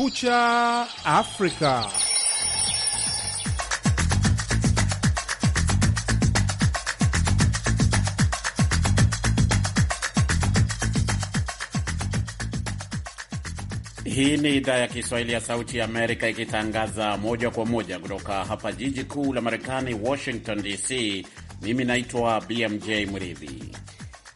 Kumekucha Afrika. Hii ni idhaa ya Kiswahili ya Sauti ya Amerika ikitangaza moja kwa moja kutoka hapa jiji kuu la Marekani, Washington DC. Mimi naitwa BMJ Mridhi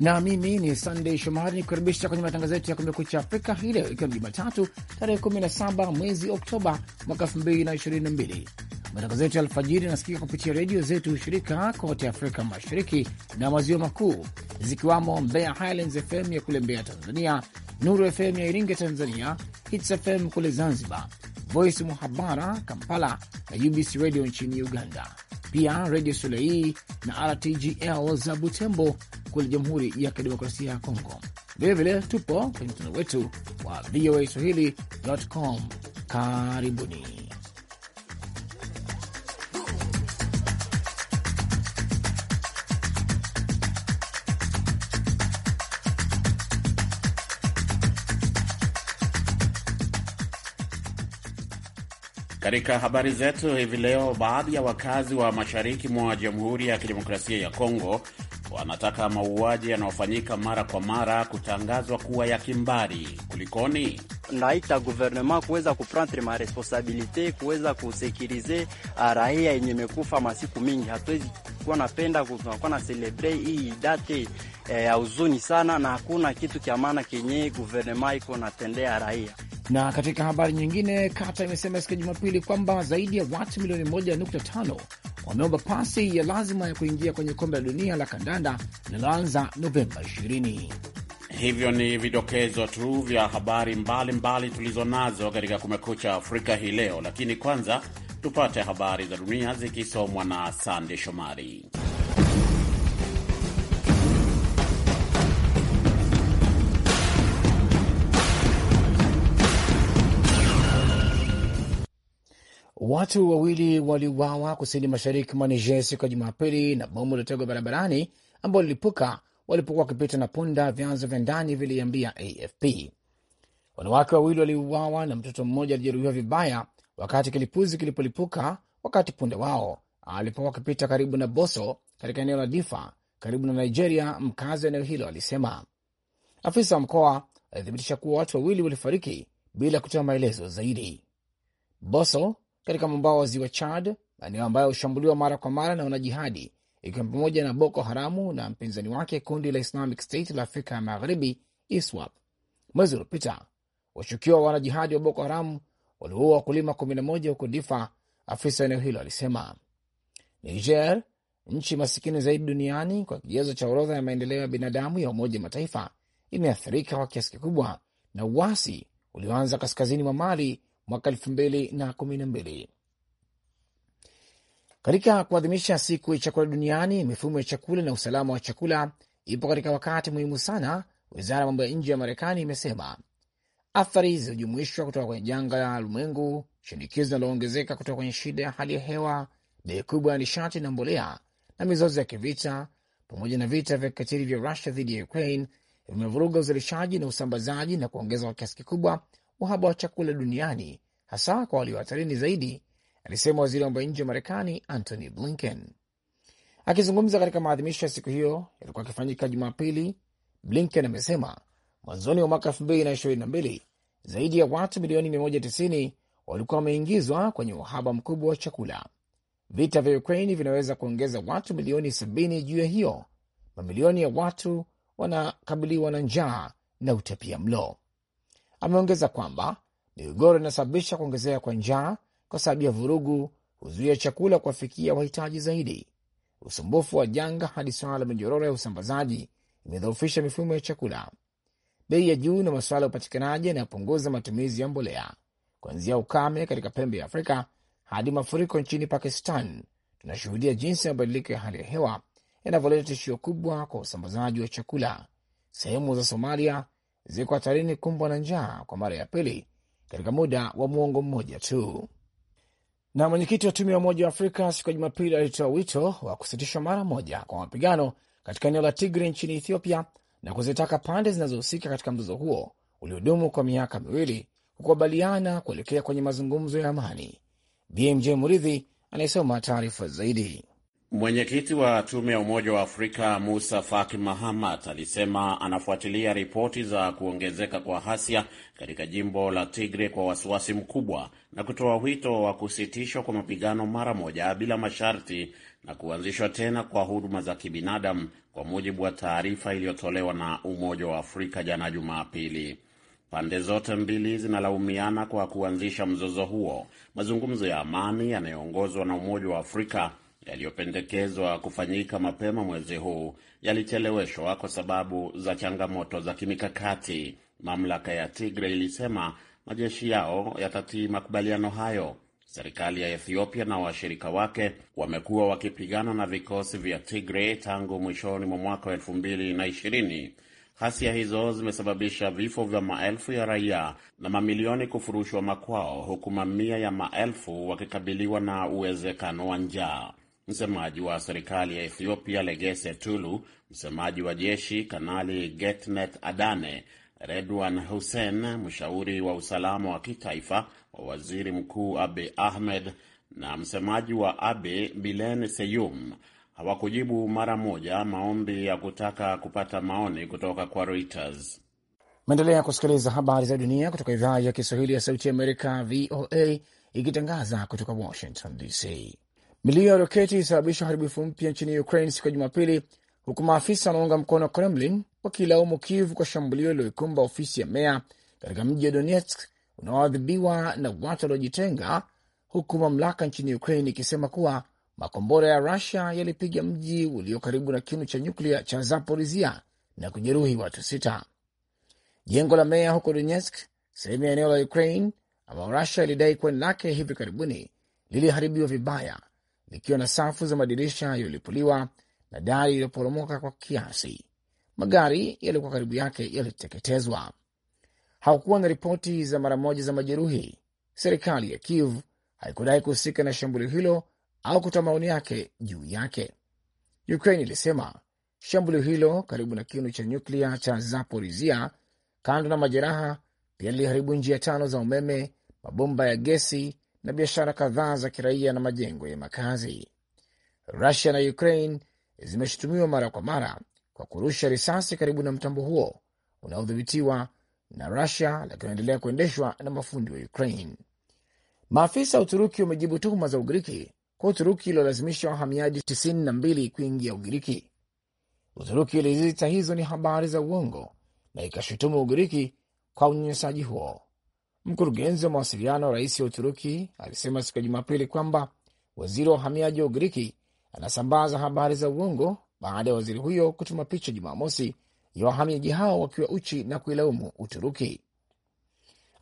na mimi ni sandey Shomari nikukaribisha kwenye matangazo yetu ya Kumekucha Afrika hii leo, ikiwa ni Jumatatu tarehe 17 mwezi Oktoba mwaka 2022. Matangazo yetu ya alfajiri yanasikika kupitia redio zetu shirika kote Afrika Mashariki na Maziwa Makuu, zikiwamo Mbeya Highlands FM ya kule Mbeya Tanzania, Nuru FM ya Iringa Tanzania, Hits FM kule Zanzibar, Voice Muhabara Kampala na UBC Radio nchini Uganda E pia redio Solei na RTGL za Butembo kule Jamhuri ya Kidemokrasia ya Kongo. Vilevile tupo kwenye mtandao wetu wa VOA Swahili.com. Karibuni. Katika habari zetu hivi leo, baadhi ya wakazi wa mashariki mwa Jamhuri ya Kidemokrasia ya Kongo wanataka mauaji yanayofanyika mara kwa mara kutangazwa kuwa ya kimbari. Kulikoni? Naita guvernema kuweza kuprendre maresponsabilite kuweza kusekirize ah, raia yenye imekufa masiku mingi, hatuwezi tunakuwa napenda tunakuwa na celebrate hii date eh, ya huzuni sana, na hakuna kitu cha maana kenye guvernema iko natendea raia. Na katika habari nyingine, kata imesema siku ya Jumapili kwamba zaidi ya watu milioni moja nukta tano wameomba pasi ya lazima ya kuingia kwenye kombe la dunia la kandanda linaloanza Novemba 20. Hivyo ni vidokezo tu vya habari mbalimbali tulizonazo katika Kumekucha Afrika hii leo, lakini kwanza Tupate habari za dunia zikisomwa na Sande Shomari. Watu wawili waliuawa kusini mashariki mwa Niger siku ya Jumapili na bomu lilotegwa barabarani ambao lilipuka walipokuwa wakipita na punda, vyanzo vya ndani viliambia AFP. Wanawake wawili waliuawa na mtoto mmoja alijeruhiwa vibaya wakati kilipuzi kilipolipuka wakati punde wao alipokuwa akipita karibu na Boso katika eneo la Difa karibu na Nigeria. Mkazi wa eneo hilo alisema afisa wa mkoa alithibitisha kuwa watu wawili walifariki bila kutoa maelezo zaidi. Boso katika mwambao wa ziwa Chad, maeneo ambayo hushambuliwa mara kwa mara na wanajihadi, ikiwa pamoja na Boko Haramu na mpinzani wake kundi la Islamic State la Afrika ya Magharibi, ISWAP. Mwezi uliopita washukiwa wa wanajihadi wa Boko Haramu waliua wakulima 11 huko Difa, afisa eneo hilo alisema. Niger, nchi masikini zaidi duniani kwa kigezo cha orodha ya maendeleo ya binadamu ya Umoja Mataifa, imeathirika kwa kiasi kikubwa na uasi ulioanza kaskazini mwa Mali mwaka elfu mbili na kumi na mbili. Katika kuadhimisha siku ya chakula duniani, mifumo ya chakula na usalama wa chakula ipo katika wakati muhimu sana, wizara ya mambo ya nje ya Marekani imesema athari zilizojumuishwa kutoka kwenye janga la ulimwengu, shinikizo linaloongezeka kutoka kwenye shida ya hali ya hewa, bei kubwa ya nishati na mbolea na mizozo ya kivita, pamoja na vita vya kikatili vya Rusia dhidi ya Ukraine vimevuruga uzalishaji na usambazaji na kuongeza kwa kiasi kikubwa uhaba wa chakula duniani, hasa kwa walio hatarini zaidi, alisema waziri wa mambo ya nje wa Marekani Antony Blinken akizungumza katika maadhimisho ya siku hiyo yalikuwa akifanyika Jumapili. Blinken amesema Mwanzoni wa mwaka 2022 zaidi ya watu milioni 190 walikuwa wameingizwa kwenye uhaba mkubwa wa chakula. Vita vya Ukraini vinaweza kuongeza watu milioni 70 juu ya hiyo. Mamilioni ya watu wanakabiliwa na njaa na utapia mlo. Ameongeza kwamba migogoro inasababisha kuongezeka kwa njaa kwa sababu ya vurugu, huzuia chakula kuwafikia wahitaji zaidi. Usumbufu wa janga hadi swala la minyororo ya usambazaji imedhoofisha mifumo ya chakula bei ya juu na masuala ya upatikanaji yanayopunguza matumizi ya mbolea, kuanzia ukame katika pembe ya Afrika hadi mafuriko nchini Pakistan. Tunashuhudia jinsi ya mabadiliko ya hali ya hewa yanavyoleta tishio kubwa kwa usambazaji wa chakula. Sehemu za Somalia ziko hatarini kumbwa na njaa kwa mara ya pili katika muda wa mwongo mmoja tu. Na mwenyekiti wa tume ya Umoja wa Afrika siku ya Jumapili alitoa wito wa kusitishwa mara moja kwa mapigano katika eneo la Tigre nchini Ethiopia na kuzitaka pande zinazohusika katika mzozo huo uliodumu kwa miaka miwili kukubaliana kuelekea kwenye mazungumzo ya amani. BMJ Muridhi anayesoma taarifa zaidi. Mwenyekiti wa tume ya Umoja wa Afrika Musa Faki Mahamat alisema anafuatilia ripoti za kuongezeka kwa hasia katika jimbo la Tigre kwa wasiwasi mkubwa na kutoa wito wa kusitishwa kwa mapigano mara moja bila masharti na kuanzishwa tena kwa huduma za kibinadamu, kwa mujibu wa taarifa iliyotolewa na Umoja wa Afrika jana Jumapili. Pande zote mbili zinalaumiana kwa kuanzisha mzozo huo. Mazungumzo ya amani yanayoongozwa na Umoja wa Afrika yaliyopendekezwa kufanyika mapema mwezi huu yalicheleweshwa kwa sababu za changamoto za kimikakati. Mamlaka ya Tigre ilisema majeshi yao yatatii makubaliano hayo. Serikali ya Ethiopia na washirika wake wamekuwa wakipigana na vikosi vya Tigray tangu mwishoni mwa mwaka wa 2020. Ghasia hizo zimesababisha vifo vya maelfu ya raia na mamilioni kufurushwa makwao, huku mamia ya maelfu wakikabiliwa na uwezekano wa njaa. Msemaji wa serikali ya Ethiopia Legese Tulu, msemaji wa jeshi Kanali Getnet Adane Redwan Hussein, mshauri wa usalama wa kitaifa wa waziri mkuu Abi Ahmed na msemaji wa Abi Bilen Seyum hawakujibu mara moja maombi ya kutaka kupata maoni kutoka kwa Reuters. Maendelea kusikiliza habari za dunia kutoka idhaa ya Kiswahili ya Sauti ya Amerika, VOA, ikitangaza kutoka Washington DC. Milio ya roketi ilisababisha uharibifu mpya nchini Ukraine siku ya Jumapili huku maafisa wanaunga mkono Kremlin wakilaumu Kiev kwa shambulio lililoikumba ofisi ya meya katika mji wa Donetsk unaoadhibiwa na watu waliojitenga, huku mamlaka nchini Ukraine ikisema kuwa makombora ya Rusia yalipiga mji ulio karibu na kinu cha nyuklia cha Zaporizia na kujeruhi watu sita. Jengo la meya huko Donetsk, sehemu ya eneo la Ukraine ambayo Rusia ilidai kuwa lake hivi karibuni, liliharibiwa vibaya likiwa na safu za madirisha yaliyolipuliwa na dari iliyoporomoka kwa kiasi. Magari yaliyokuwa karibu yake yaliteketezwa. Hakukuwa na ripoti za mara moja za majeruhi. Serikali ya Kiev haikudai kuhusika na shambulio hilo au kutoa maoni yake juu yake. Ukraine ilisema shambulio hilo karibu na kinu cha nyuklia cha Zaporizia, kando na majeraha, pia liliharibu njia tano za umeme, mabomba ya gesi na biashara kadhaa za kiraia na majengo ya makazi. Rusia na Ukraine zimeshutumiwa mara kwa mara kwa kurusha risasi karibu na mtambo huo unaodhibitiwa na Rusia lakini unaendelea kuendeshwa na mafundi wa Ukraine. Maafisa wa Uturuki wamejibu tuhuma za Ugiriki kwa Uturuki iliolazimisha wahamiaji 92 kuingia Ugiriki. Uturuki iliziita hizo ni habari za uongo na ikashutumu Ugiriki kwa unyanyasaji huo. Mkurugenzi wa mawasiliano wa rais wa Uturuki alisema siku ya Jumapili kwamba waziri wa uhamiaji wa Ugiriki anasambaza habari za uongo baada ya waziri huyo kutuma picha Jumamosi ya wahamiaji hao wakiwa uchi na kuilaumu Uturuki.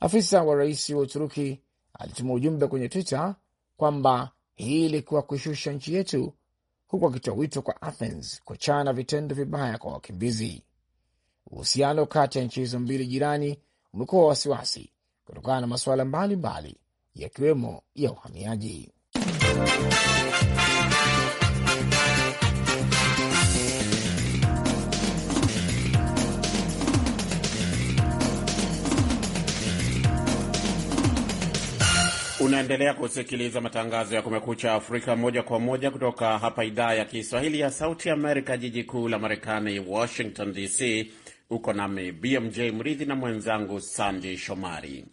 Afisa wa rais wa Uturuki alituma ujumbe kwenye Twitter kwamba hii ilikuwa kuishusha nchi yetu, huku akitoa wito kwa Athens kuachana vitendo vibaya kwa wakimbizi. Uhusiano kati ya nchi hizo mbili jirani umekuwa wa wasiwasi kutokana na masuala mbalimbali yakiwemo ya uhamiaji. Unaendelea kusikiliza matangazo ya Kumekucha Afrika moja kwa moja kutoka hapa idhaa ya Kiswahili ya Sauti Amerika, jiji kuu la Marekani, Washington DC. Uko nami BMJ Mridhi na mwenzangu Sandi Shomari.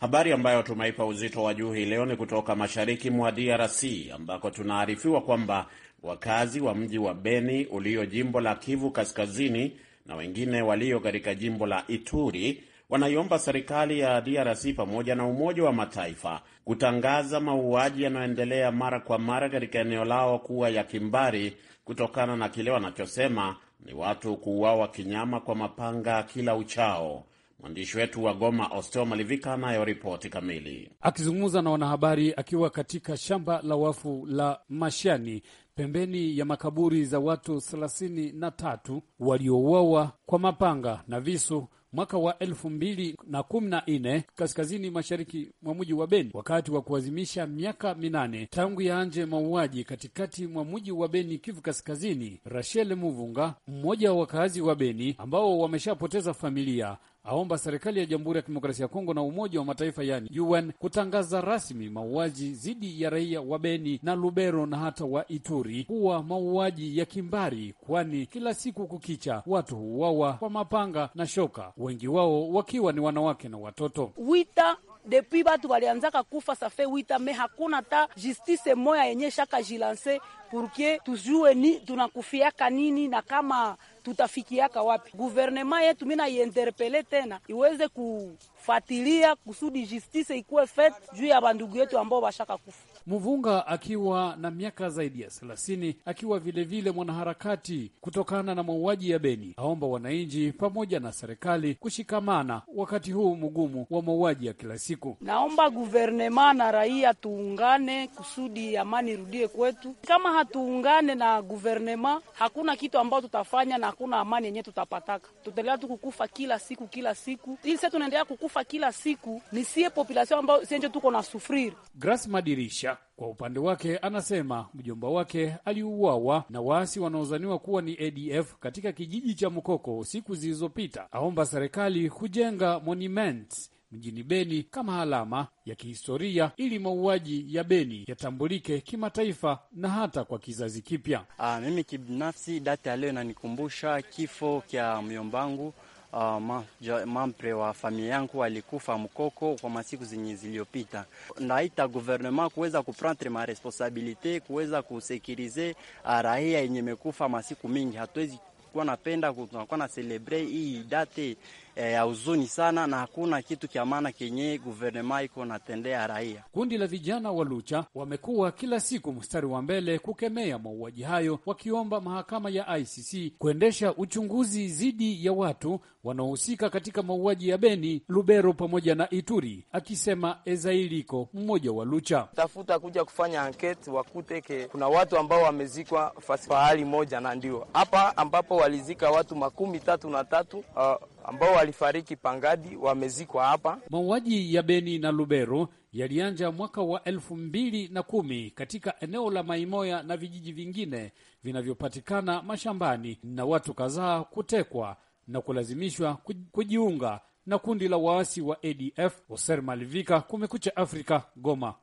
Habari ambayo tumeipa uzito wa juu hii leo ni kutoka mashariki mwa DRC ambako tunaarifiwa kwamba wakazi wa mji wa Beni ulio jimbo la Kivu Kaskazini na wengine walio katika jimbo la Ituri wanaiomba serikali ya DRC pamoja na Umoja wa Mataifa kutangaza mauaji yanayoendelea mara kwa mara katika eneo lao kuwa ya kimbari kutokana na kile wanachosema ni watu kuuawa kinyama kwa mapanga kila uchao. Mwandishi wetu wa Goma, Osteo Malivika, anayo ripoti kamili. Akizungumza na wanahabari akiwa katika shamba la wafu la Mashani pembeni ya makaburi za watu thelathini na tatu waliouawa kwa mapanga na visu mwaka wa elfu mbili na kumi na nne kaskazini mashariki mwa mji wa Beni wakati wa kuadhimisha miaka minane tangu yaanje mauaji katikati mwa mji wa Beni, Kivu Kaskazini. Rachel Muvunga, mmoja wa wakaazi wa Beni ambao wameshapoteza familia, aomba serikali ya Jamhuri ya Kidemokrasia ya Kongo na Umoja wa Mataifa yani UN kutangaza rasmi mauaji dhidi ya raia wa Beni na Lubero na hata wa Ituri kuwa mauaji ya kimbari, kwani kila siku kukicha watu huuawa kwa mapanga na shoka, wengi wao wakiwa ni wanawake na watoto wita Depi batu walianzaka kufa safe wita me hakuna ta justice moya yenye shaka jilanse purke tujue ni tunakufiaka nini na kama tutafikiaka wapi? Guvernema yetu mina ienterpele tena iweze kufatilia kusudi justice ikuwe fete juu ya bandugu yetu ambao washaka kufa. Mvunga akiwa na miaka zaidi ya thelathini, akiwa vilevile vile mwanaharakati kutokana na mauaji ya Beni, aomba wananchi pamoja na serikali kushikamana wakati huu mgumu wa mauaji ya kila siku. Naomba guvernema na raia tuungane kusudi amani irudie kwetu. Kama hatuungane na guvernema, hakuna kitu ambayo tutafanya na hakuna amani yenyewe tutapataka. Tutaendelea tu kukufa kila siku kila siku, ili sasa tunaendelea kukufa kila siku, ni sie populasion ambayo sienje tuko na sufrir. Grace Madirisha, kwa upande wake, anasema mjomba wake aliuawa na waasi wanaozaniwa kuwa ni ADF katika kijiji cha mkoko siku zilizopita. Aomba serikali kujenga monument mjini Beni kama alama ya kihistoria ili mauaji ya Beni yatambulike kimataifa na hata kwa kizazi kipya. Ah, mimi kibinafsi, data ya leo inanikumbusha kifo kya myombangu uh, ma, mampre wa familia yangu alikufa mkoko kwa masiku zenye ziliyopita. Naita guvernema kuweza kuprendre ma responsabilite kuweza kusekirize ah, raia yenye mekufa masiku mingi. Hatuwezi kuwa napenda tunakuwa na celebre hii date E, ya huzuni sana, na hakuna kitu kya maana kenye guvernema iko natendea raia. Kundi la vijana wa Lucha wamekuwa kila siku mstari wa mbele kukemea mauaji hayo, wakiomba mahakama ya ICC kuendesha uchunguzi dhidi ya watu wanaohusika katika mauaji ya Beni, Lubero pamoja na Ituri, akisema Ezailiko, mmoja wa Lucha. Tafuta kuja kufanya anketi, wakuteke kuna watu ambao wamezikwa fahali moja, na ndio hapa ambapo walizika watu makumi tatu na tatu uh, ambao walifariki Pangadi wamezikwa hapa. Mauaji ya Beni na Lubero yalianja mwaka wa elfu mbili na kumi katika eneo la Maimoya na vijiji vingine vinavyopatikana mashambani na watu kadhaa kutekwa na kulazimishwa kujiunga na kundi la waasi wa ADF. Oser Malivika, Kumekucha Afrika, Goma.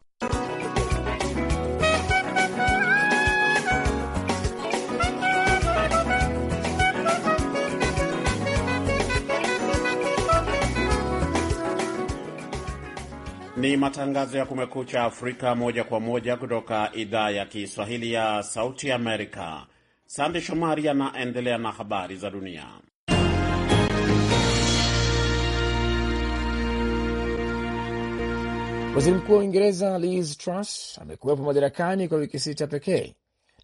Ni matangazo ya Kumekucha Afrika moja kwa moja kutoka idhaa ya Kiswahili ya Sauti Amerika. Sande Shomari anaendelea na habari za dunia. Waziri mkuu wa Uingereza Liz Truss amekuwepo madarakani kwa wiki sita pekee,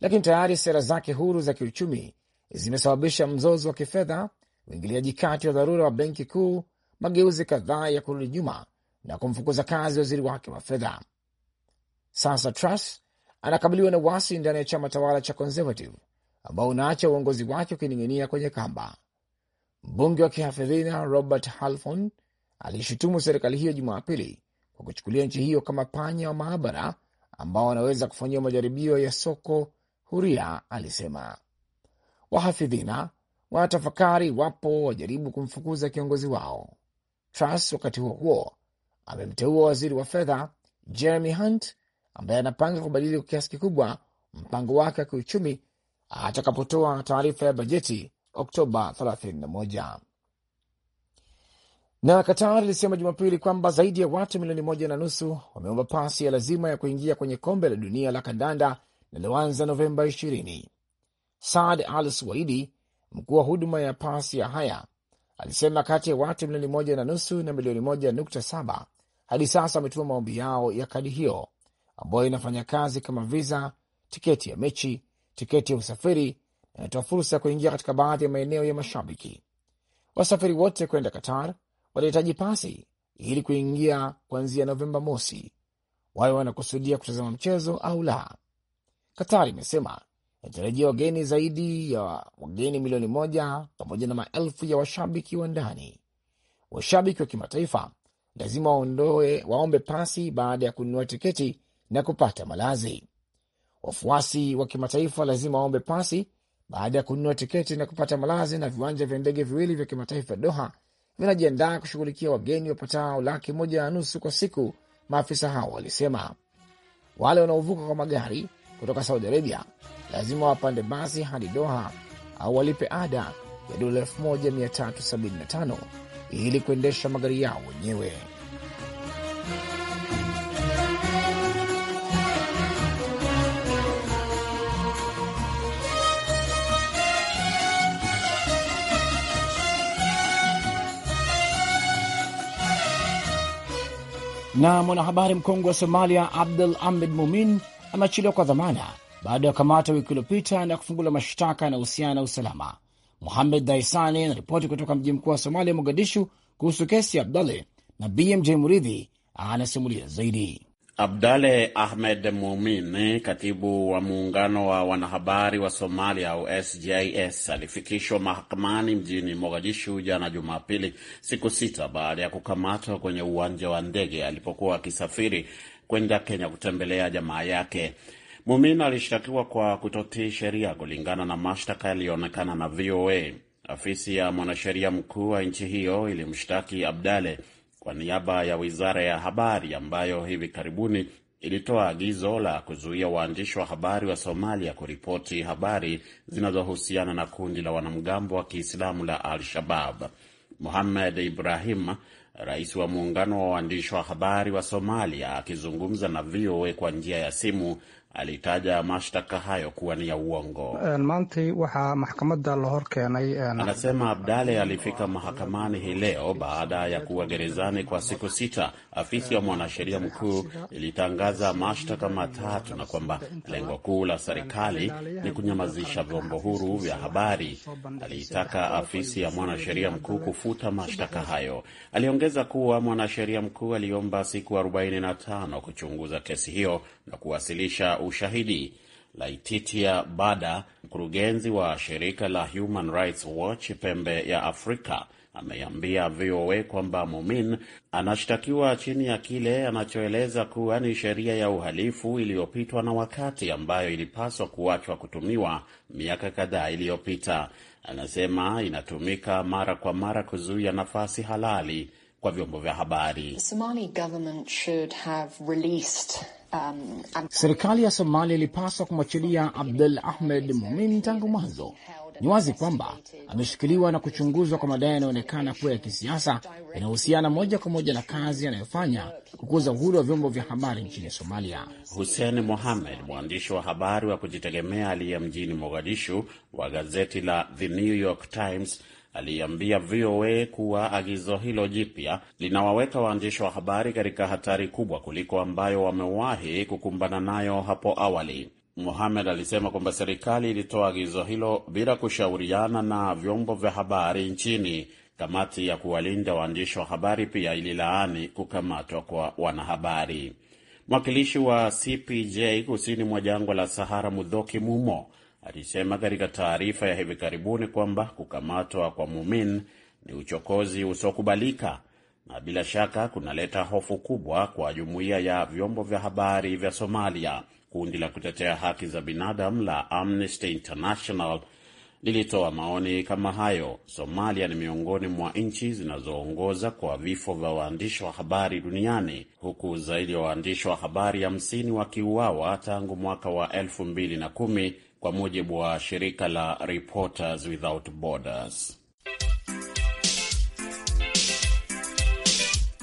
lakini tayari sera zake huru za kiuchumi zimesababisha mzozo wa kifedha, uingiliaji kati wa dharura wa benki kuu, mageuzi kadhaa ya kurudi nyuma na kumfukuza kazi waziri wake wa fedha. Sasa Truss anakabiliwa na wasi ndani ya chama tawala cha Conservative ambao unaacha uongozi wake ukining'inia kwenye kamba. Mbunge wa kihafidhina Robert Halfon alishutumu serikali hiyo Jumapili kwa kuchukulia nchi hiyo kama panya wa maabara ambao wanaweza kufanyiwa majaribio ya soko huria. Alisema wahafidhina wanatafakari wapo wajaribu kumfukuza kiongozi wao. Truss wakati huo huo amemteua waziri wa fedha Jeremy Hunt ambaye anapanga kubadili kwa kiasi kikubwa mpango wake wa kiuchumi atakapotoa taarifa ya bajeti Oktoba 31. Na katari ilisema Jumapili kwamba zaidi ya watu milioni moja na nusu wameomba pasi ya lazima ya kuingia kwenye kombe la dunia la kandanda linaloanza Novemba 20. Saad Al Suwaidi, mkuu wa huduma ya pasi ya haya, alisema kati ya watu milioni moja na nusu na milioni moja nukta saba hadi sasa wametuma maombi yao ya kadi hiyo ambayo inafanya kazi kama viza, tiketi ya mechi, tiketi ya usafiri na inatoa fursa ya kuingia katika baadhi ya maeneo ya mashabiki. Wasafiri wote kwenda Qatar watahitaji pasi ili kuingia kuanzia Novemba mosi, wawe wanakusudia kutazama mchezo au la. Qatar imesema inatarajia wageni zaidi ya wageni milioni moja pamoja na maelfu ya washabiki wa ndani. Washabiki wa kimataifa lazima waondoe, waombe pasi baada ya kununua tiketi na kupata malazi. Wafuasi wa kimataifa lazima waombe pasi baada ya kununua tiketi na kupata malazi. Na viwanja vya ndege viwili vya kimataifa Doha vinajiandaa kushughulikia wageni wapatao laki moja na nusu kwa siku, maafisa hao walisema. Wale wanaovuka kwa magari kutoka Saudi Arabia lazima wapande basi hadi Doha au walipe ada ya dola 1375 ili kuendesha magari yao wenyewe. Na mwanahabari mkongwe wa Somalia Abdul Ahmed Mumin ameachiliwa kwa dhamana baada ya kukamata wiki iliyopita na kufungula mashtaka yanahusiana na usalama. Muhamed Daisani anaripoti kutoka mji mkuu wa Somalia, Mogadishu, kuhusu kesi ya Abdale na BMJ Muridhi anasimulia zaidi. Abdale Ahmed Mumin, katibu wa muungano wa wanahabari wa Somalia au SJS, alifikishwa mahakamani mjini Mogadishu jana Jumapili, siku sita baada ya kukamatwa kwenye uwanja wa ndege alipokuwa akisafiri kwenda Kenya kutembelea jamaa yake. Mumin alishtakiwa kwa kutotii sheria kulingana na mashtaka yaliyoonekana na VOA. Afisi ya mwanasheria mkuu wa nchi hiyo ilimshtaki Abdale kwa niaba ya wizara ya habari ambayo hivi karibuni ilitoa agizo la kuzuia waandishi wa habari wa Somalia kuripoti habari zinazohusiana na kundi la wanamgambo wa Kiislamu la Al-Shabab. muhamed Ibrahim, rais wa muungano wa waandishi wa habari wa Somalia, akizungumza na VOA kwa njia ya simu, alitaja mashtaka hayo kuwa ni ya uongo. Anasema Abdale alifika mahakamani hii leo baada ya kuwa gerezani kwa siku sita. Afisi ya mwanasheria mkuu ilitangaza mashtaka matatu na kwamba lengo kuu la serikali ni kunyamazisha vyombo huru vya habari. Aliitaka afisi ya mwanasheria mkuu kufuta mashtaka hayo. Aliongeza kuwa mwanasheria mkuu aliomba siku 45 kuchunguza kesi hiyo na kuwasilisha ushahidi. Laetitia Bada, mkurugenzi wa shirika la Human Rights Watch pembe ya Afrika, ameambia VOA kwamba Mumin anashtakiwa chini ya kile anachoeleza kuwa ni sheria ya uhalifu iliyopitwa na wakati ambayo ilipaswa kuachwa kutumiwa miaka kadhaa iliyopita. Anasema inatumika mara kwa mara kuzuia nafasi halali kwa vyombo vya habari. The Somali government should have released Um, serikali ya Somalia ilipaswa kumwachilia Abdul Ahmed Mumin tangu mwanzo. Ni wazi kwamba ameshikiliwa na kuchunguzwa kwa madai yanayoonekana kuwa ya kisiasa yanayohusiana moja kwa moja na kazi anayofanya kukuza uhuru wa vyombo vya habari nchini Somalia. Hussein Mohamed, mwandishi wa habari wa kujitegemea aliye mjini Mogadishu wa gazeti la The New York Times aliambia VOA kuwa agizo hilo jipya linawaweka waandishi wa habari katika hatari kubwa kuliko ambayo wamewahi kukumbana nayo hapo awali. Mohamed alisema kwamba serikali ilitoa agizo hilo bila kushauriana na vyombo vya habari nchini. Kamati ya kuwalinda waandishi wa habari pia ililaani kukamatwa kwa wanahabari. Mwakilishi wa CPJ kusini mwa jangwa la Sahara, Mudhoki Mumo, alisema katika taarifa ya hivi karibuni kwamba kukamatwa kwa Mumin ni uchokozi usiokubalika na bila shaka kunaleta hofu kubwa kwa jumuiya ya vyombo vya habari vya Somalia. Kundi la kutetea haki za binadamu la Amnesty International lilitoa maoni kama hayo. Somalia ni miongoni mwa nchi zinazoongoza kwa vifo vya waandishi wa habari duniani huku zaidi ya waandishi wa habari hamsini wakiuawa tangu mwaka wa elfu mbili na kumi kwa mujibu wa shirika la Reporters Without Borders.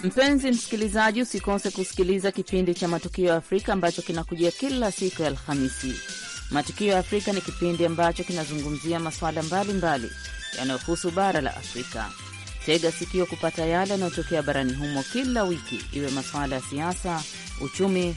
Mpenzi msikilizaji, usikose kusikiliza kipindi cha Matukio ya Afrika ambacho kinakujia kila siku ya Alhamisi. Matukio ya Afrika ni kipindi ambacho kinazungumzia masuala mbalimbali yanayohusu bara la Afrika. Tega sikio kupata yale yanayotokea barani humo kila wiki, iwe masuala ya siasa, uchumi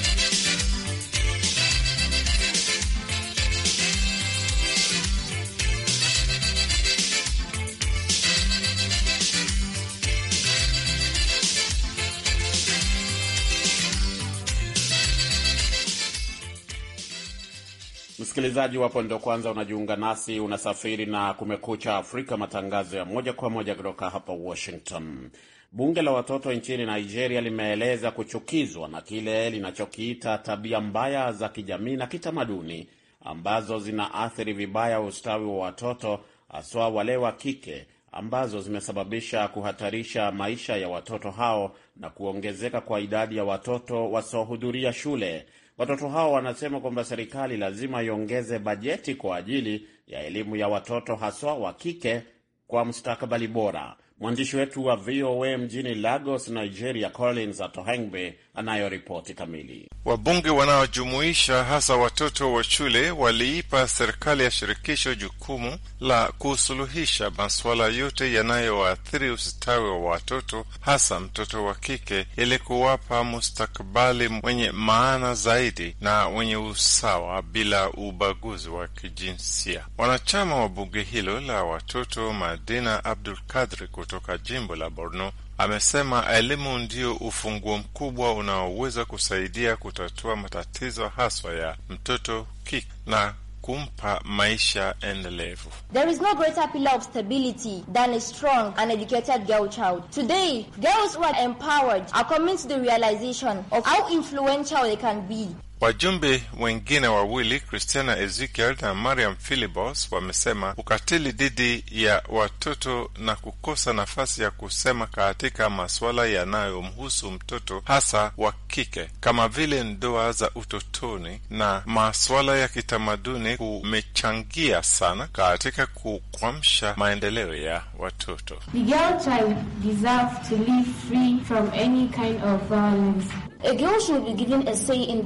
Msikilizaji wapo ndo kwanza unajiunga nasi, unasafiri na Kumekucha Afrika, matangazo ya moja kwa moja kutoka hapa Washington. Bunge la watoto nchini Nigeria limeeleza kuchukizwa na kile linachokiita tabia mbaya za kijamii na kitamaduni ambazo zinaathiri vibaya ustawi wa watoto, haswa wale wa kike, ambazo zimesababisha kuhatarisha maisha ya watoto hao na kuongezeka kwa idadi ya watoto wasiohudhuria shule Watoto hao wanasema kwamba serikali lazima iongeze bajeti kwa ajili ya elimu ya watoto haswa wa kike kwa mustakabali bora. Mwandishi wetu wa VOA mjini Lagos, Nigeria, Collins Atohengbe anayoripoti kamili. Wabunge wanaojumuisha hasa watoto wa shule waliipa serikali ya shirikisho jukumu la kusuluhisha masuala yote yanayoathiri ustawi wa watoto, hasa mtoto wa kike, ili kuwapa mustakabali mwenye maana zaidi na wenye usawa bila ubaguzi wa kijinsia. Wanachama wa bunge hilo la watoto, Madina Abdul Kadri kutoka jimbo la Borno, Amesema elimu ndio ufunguo mkubwa unaoweza kusaidia kutatua matatizo haswa ya mtoto kik na kumpa maisha endelevu. There is no greater pillar of stability than a strong and educated girl child. Today, girls who are empowered are coming to the realization of how influential they can be. Wajumbe wengine wawili Christiana Ezekiel na Mariam Philibos wamesema ukatili dhidi ya watoto na kukosa nafasi ya kusema katika masuala yanayomhusu mtoto hasa wa kike kama vile ndoa za utotoni na masuala ya kitamaduni kumechangia sana katika kukwamsha maendeleo ya watoto.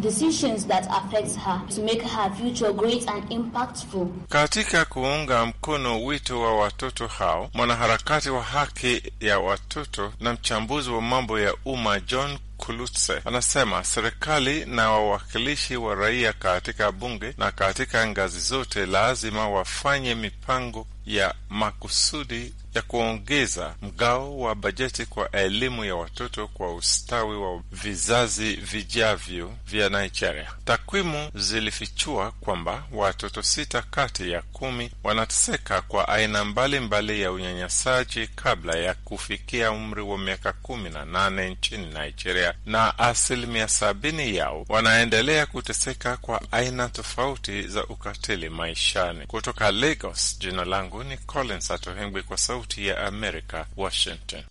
The decisions that affects her to make her future great and impactful. Katika kuunga mkono wito wa watoto hao, mwanaharakati wa haki ya watoto na mchambuzi wa mambo ya umma John Kulutse anasema serikali na wawakilishi wa raia katika bunge na katika ngazi zote lazima wafanye mipango ya makusudi ya kuongeza mgao wa bajeti kwa elimu ya watoto kwa ustawi wa vizazi vijavyo vya Nigeria. Takwimu zilifichua kwamba watoto sita kati ya kumi wanateseka kwa aina mbalimbali mbali ya unyanyasaji kabla ya kufikia umri wa miaka kumi na nane nchini Nigeria, na asilimia sabini yao wanaendelea kuteseka kwa aina tofauti za ukatili maishani. Kutoka Lagos, jina langu ni Collins Atohengwi, kwa Sauti ya Amerika, Washington.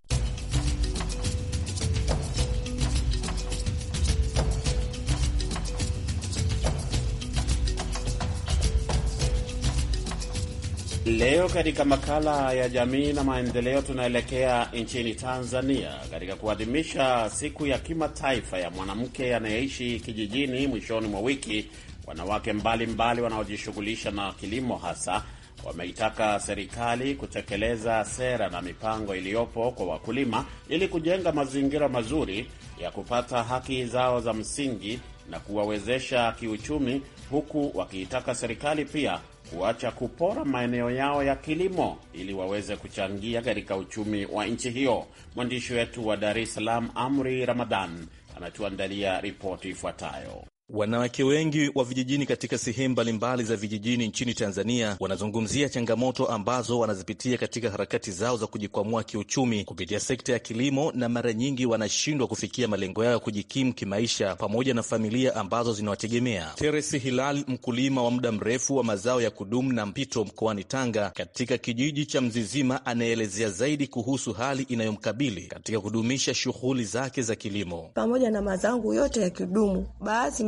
Leo katika makala ya jamii na maendeleo tunaelekea nchini Tanzania katika kuadhimisha siku ya kimataifa ya mwanamke anayeishi kijijini mwishoni mwa wiki. Wanawake mbalimbali wanaojishughulisha na kilimo hasa wameitaka serikali kutekeleza sera na mipango iliyopo kwa wakulima ili kujenga mazingira mazuri ya kupata haki zao za msingi na kuwawezesha kiuchumi, huku wakiitaka serikali pia kuacha kupora maeneo yao ya kilimo ili waweze kuchangia katika uchumi wa nchi hiyo. Mwandishi wetu wa Dar es Salaam, Amri Ramadhan, ametuandalia ripoti ifuatayo. Wanawake wengi wa vijijini katika sehemu mbalimbali za vijijini nchini Tanzania wanazungumzia changamoto ambazo wanazipitia katika harakati zao za kujikwamua kiuchumi kupitia sekta ya kilimo, na mara nyingi wanashindwa kufikia malengo yao ya kujikimu kimaisha pamoja na familia ambazo zinawategemea. Teresi Hilal, mkulima wa muda mrefu wa mazao ya kudumu na mpito mkoani Tanga katika kijiji cha Mzizima, anaelezea zaidi kuhusu hali inayomkabili katika kudumisha shughuli zake za kilimo pamoja na mazangu yote ya kudumu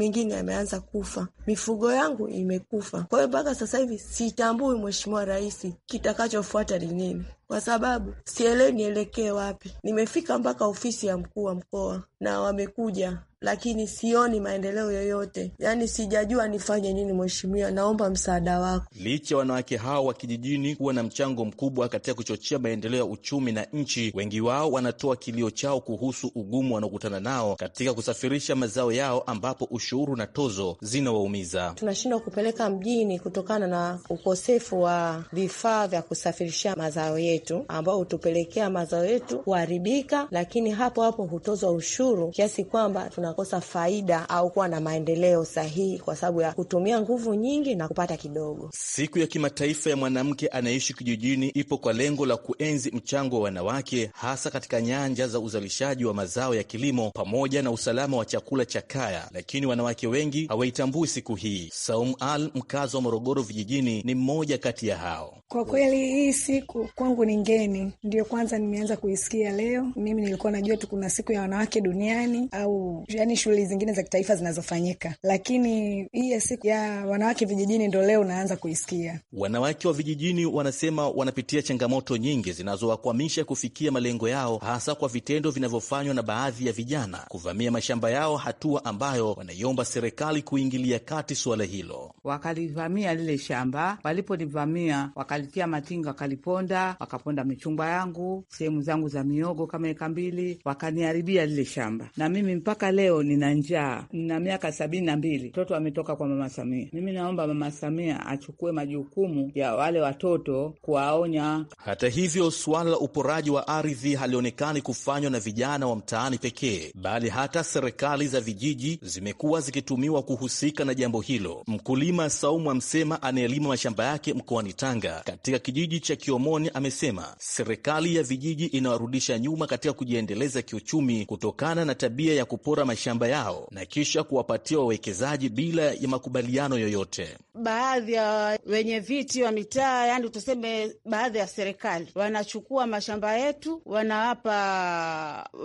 mwingine ameanza kufa, mifugo yangu imekufa. Kwa hiyo mpaka sasa hivi sitambui, Mheshimiwa Rais, kitakachofuata ni nini kwa sababu sielewi nielekee wapi. Nimefika mpaka ofisi ya mkuu wa mkoa na wamekuja lakini sioni maendeleo yoyote, yaani sijajua nifanye nini. Mheshimiwa, naomba msaada wako. Licha ya wanawake hawa wa kijijini kuwa na mchango mkubwa katika kuchochea maendeleo ya uchumi na nchi, wengi wao wanatoa kilio chao kuhusu ugumu wanaokutana nao katika kusafirisha mazao yao, ambapo ushuru na tozo zinawaumiza. Tunashindwa kupeleka mjini kutokana na ukosefu wa vifaa vya kusafirishia mazao yetu yetu ambao hutupelekea mazao yetu kuharibika, lakini hapo hapo hutozwa ushuru kiasi kwamba tunakosa faida au kuwa na maendeleo sahihi kwa sababu ya kutumia nguvu nyingi na kupata kidogo. Siku ya Kimataifa ya Mwanamke anayeishi Kijijini ipo kwa lengo la kuenzi mchango wa wanawake hasa katika nyanja za uzalishaji wa mazao ya kilimo pamoja na usalama wa chakula cha kaya, lakini wanawake wengi hawaitambui siku hii. Saum Al, mkazi wa Morogoro vijijini, ni mmoja kati ya hao. Kwa kweli hii siku kwangu ni ngeni, ndio kwanza nimeanza kuisikia leo. Mimi nilikuwa najua tu kuna siku ya wanawake duniani au yani shughuli zingine za kitaifa zinazofanyika, lakini hii ya siku ya wanawake vijijini ndo leo unaanza kuisikia. Wanawake wa vijijini wanasema wanapitia changamoto nyingi zinazowakwamisha kufikia malengo yao, hasa kwa vitendo vinavyofanywa na baadhi ya vijana kuvamia mashamba yao, hatua ambayo wanaiomba serikali kuingilia kati suala hilo. Wakalivamia lile shamba, waliponivamia wakalitia matinga, wakaliponda waka wakaponda michungwa yangu, sehemu zangu za miogo kama eka mbili, wakaniharibia lile shamba, na mimi mpaka leo nina njaa. Nina miaka sabini na mbili, mtoto ametoka kwa mama Samia. Mimi naomba mama Samia achukue majukumu ya wale watoto kuwaonya. Hata hivyo, suala la uporaji wa ardhi halionekani kufanywa na vijana wa mtaani pekee, bali hata serikali za vijiji zimekuwa zikitumiwa kuhusika na jambo hilo. Mkulima Saumu Amsema anayelima mashamba yake mkoani Tanga katika kijiji cha Kiomoni amesema amesema serikali ya vijiji inawarudisha nyuma katika kujiendeleza kiuchumi kutokana na tabia ya kupora mashamba yao na kisha kuwapatia wawekezaji bila ya makubaliano yoyote. Baadhi ya wenye viti wa mitaa, yani tuseme, baadhi ya serikali wanachukua mashamba yetu, wanawapa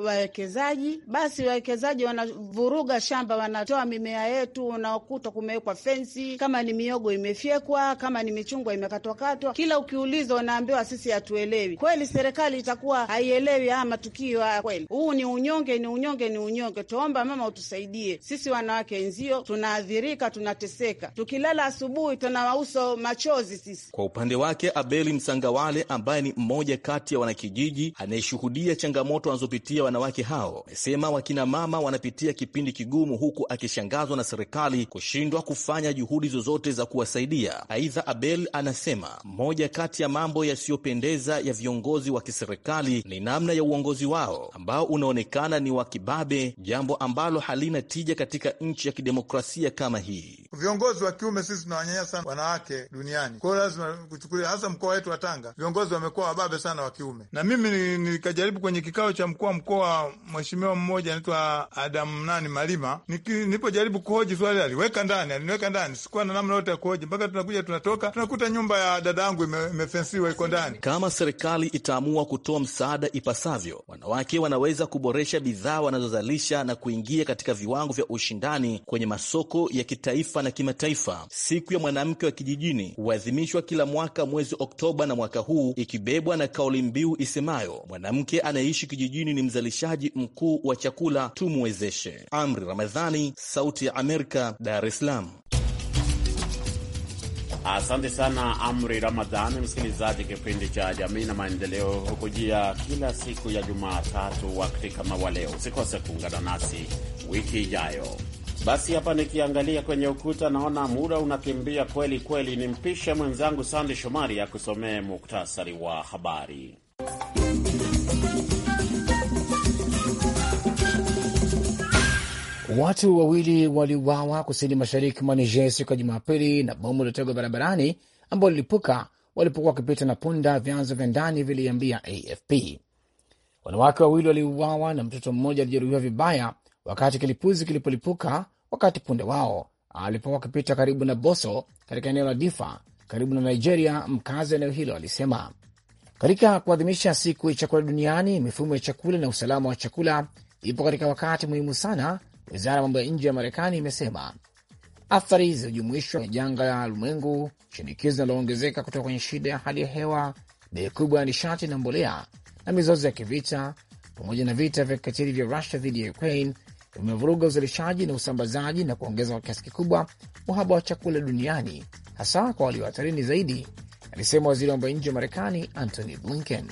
wawekezaji, basi wawekezaji wanavuruga shamba, wanatoa mimea yetu, unaokuta kumewekwa fensi, kama ni miogo imefyekwa, kama ni michungwa imekatwakatwa. Kila ukiuliza unaambiwa sisi hatu hatuelewi kweli. Serikali itakuwa haielewi haya matukio haya kweli? Huu ni unyonge, ni unyonge, ni unyonge. Tuomba mama utusaidie sisi wanawake nzio, tunaadhirika, tunateseka, tukilala asubuhi tunawauso machozi sisi. Kwa upande wake Abeli Msangawale ambaye ni mmoja kati ya wanakijiji anayeshuhudia changamoto wanazopitia wanawake hao amesema wakina mama wanapitia kipindi kigumu, huku akishangazwa na serikali kushindwa kufanya juhudi zozote za kuwasaidia. Aidha, Abel anasema moja kati ya mambo yasiyopendeza meza ya viongozi wa kiserikali ni namna ya uongozi wao ambao unaonekana ni wa kibabe, jambo ambalo halina tija katika nchi ya kidemokrasia kama hii. Viongozi wa kiume sisi tunawanyanya sana wanawake duniani, kwa hiyo lazima kuchukulia, hasa mkoa wetu wa Tanga viongozi wamekuwa wababe sana wa kiume. Na mimi nikajaribu kwenye kikao cha mkuu wa mkoa, mheshimiwa mmoja anaitwa Adamu nani Malima, nilipojaribu kuhoji swali aliweka ndani, aliniweka ndani, sikuwa na namna yote ya kuhoji, mpaka tunakuja tunatoka tunakuta nyumba ya dada yangu imefensiwa ime iko ndani. Kama serikali itaamua kutoa msaada ipasavyo, wanawake wanaweza kuboresha bidhaa wanazozalisha na kuingia katika viwango vya ushindani kwenye masoko ya kitaifa na kimataifa. Siku ya mwanamke wa kijijini huadhimishwa kila mwaka mwezi Oktoba, na mwaka huu ikibebwa na kauli mbiu isemayo mwanamke anayeishi kijijini ni mzalishaji mkuu wa chakula, tumwezeshe. Amri Ramadhani, Sauti ya Amerika, Dar es Salaam. Asante sana Amri Ramadhani. Msikilizaji, kipindi cha jamii na maendeleo hukujia kila siku ya Jumatatu wakati kama wa leo. Usikose kuungana nasi wiki ijayo. Basi hapa nikiangalia kwenye ukuta naona muda unakimbia kweli kweli. Ni mpishe mwenzangu Sande Shomari akusomee muktasari wa habari. Watu wawili waliuawa kusini mashariki mwa Niger siku ya Jumapili na bomu lilotegwa barabarani ambao lilipuka walipokuwa wakipita na punda, vyanzo vya ndani viliambia AFP. Wanawake wawili waliuawa na mtoto mmoja alijeruhiwa vibaya wakati kilipuzi kilipolipuka wakati punde wao alipokuwa akipita karibu na Boso katika eneo la Difa karibu na Nigeria. Mkazi wa eneo hilo alisema katika kuadhimisha siku ya chakula duniani, mifumo ya chakula na usalama wa chakula ipo katika wakati muhimu sana. Wizara ya mambo ya nje ya Marekani imesema athari zilizojumuishwa ya janga la ulimwengu, shinikizo linaloongezeka kutoka kwenye shida ya hali ya hewa, bei kubwa ya nishati na mbolea, na mizozo ya kivita, pamoja na vita vya kikatili vya Rusia dhidi ya Ukraine umevuruga uzalishaji na usambazaji na kuongeza kwa kiasi kikubwa uhaba wa chakula duniani, hasa kwa walio hatarini zaidi, alisema waziri wa mambo ya nje wa Marekani Antony Blinken.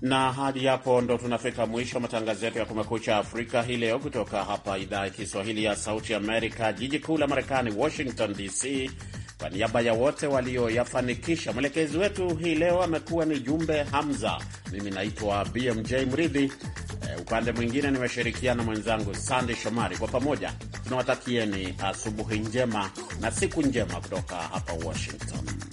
Na hadi hapo ndo tunafika mwisho matangazo yetu ya Kumekucha Afrika hii leo, kutoka hapa idhaa ya Kiswahili ya Sauti Amerika, jiji kuu la Marekani, Washington DC. Kwa niaba ya wote walioyafanikisha, mwelekezi wetu hii leo amekuwa ni Jumbe Hamza. Mimi naitwa BMJ Mridhi. E, upande mwingine nimeshirikiana mwenzangu Sande Shomari. Kwa pamoja tunawatakieni asubuhi njema na siku njema kutoka hapa Washington.